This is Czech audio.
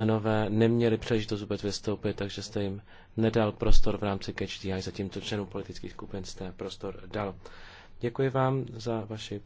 členové neměli příležitost vůbec vystoupit, takže jste jim nedal prostor v rámci Catch the Eye, zatímco členům politických skupin jste prostor dal. Děkuji vám za vaši